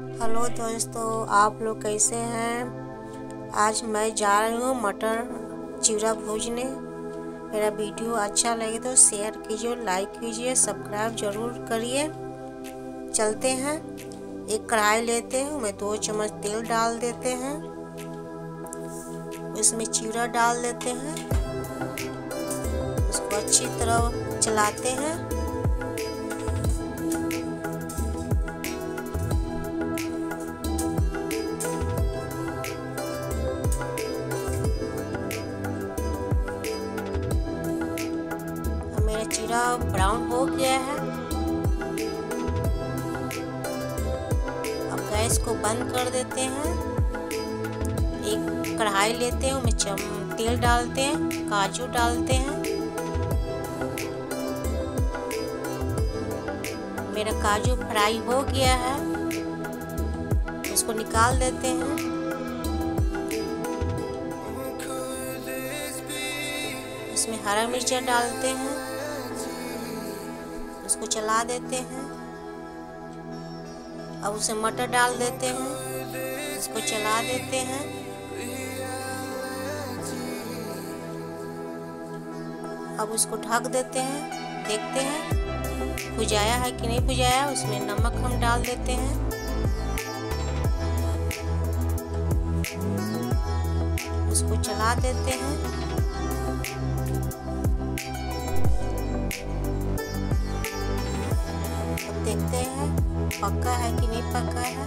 hello दोस्तों तो आप लोग कैसे हैं आज मैं जा रही हूँ मटर चिरा भूजने मेरा वीडियो अच्छा लगे तो शेयर कीजिए लाइक कीजिए सब्सक्राइब जरूर करिए चलते हैं एक कढ़ाई लेते हैं मैं दो चम्मच तेल डाल देते हैं इसमें चिड़ा डाल देते हैं उसको अच्छी तरह चलाते हैं जीरा ब्राउन हो गया है अब गैस को बंद कर देते हैं एक कढ़ाई लेते हैं उसमें चम तेल डालते हैं काजू डालते हैं मेरा काजू फ्राई हो गया है इसको निकाल देते हैं इसमें हरा मिर्चा डालते हैं उसको चला देते हैं अब उसे मटर डाल देते हैं इसको चला देते हैं अब उसको ढक देते हैं देखते हैं भुजाया है कि नहीं भुजाया उसमें नमक हम डाल देते हैं उसको चला देते हैं पका है कि नहीं पका है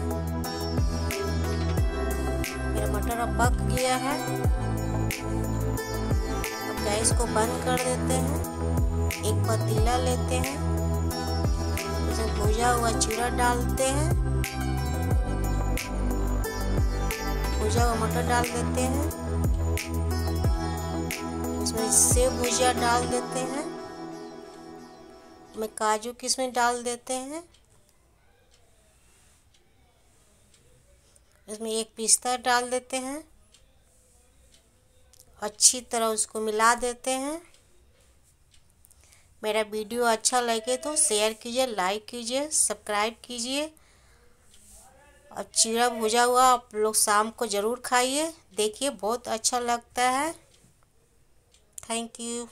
मेरा मटर अब पक गया है अब गैस को बंद कर देते हैं एक पतीला लेते हैं उसमें भुजा हुआ चूरा डालते हैं भुजा हुआ मटर डाल देते हैं उसमें सेव भुजिया डाल देते हैं मैं काजू किसमें डाल देते हैं इसमें एक पिस्ता डाल देते हैं अच्छी तरह उसको मिला देते हैं मेरा वीडियो अच्छा लगे तो शेयर कीजिए लाइक कीजिए सब्सक्राइब कीजिए और चीरा भुजा हुआ आप लोग शाम को ज़रूर खाइए देखिए बहुत अच्छा लगता है थैंक यू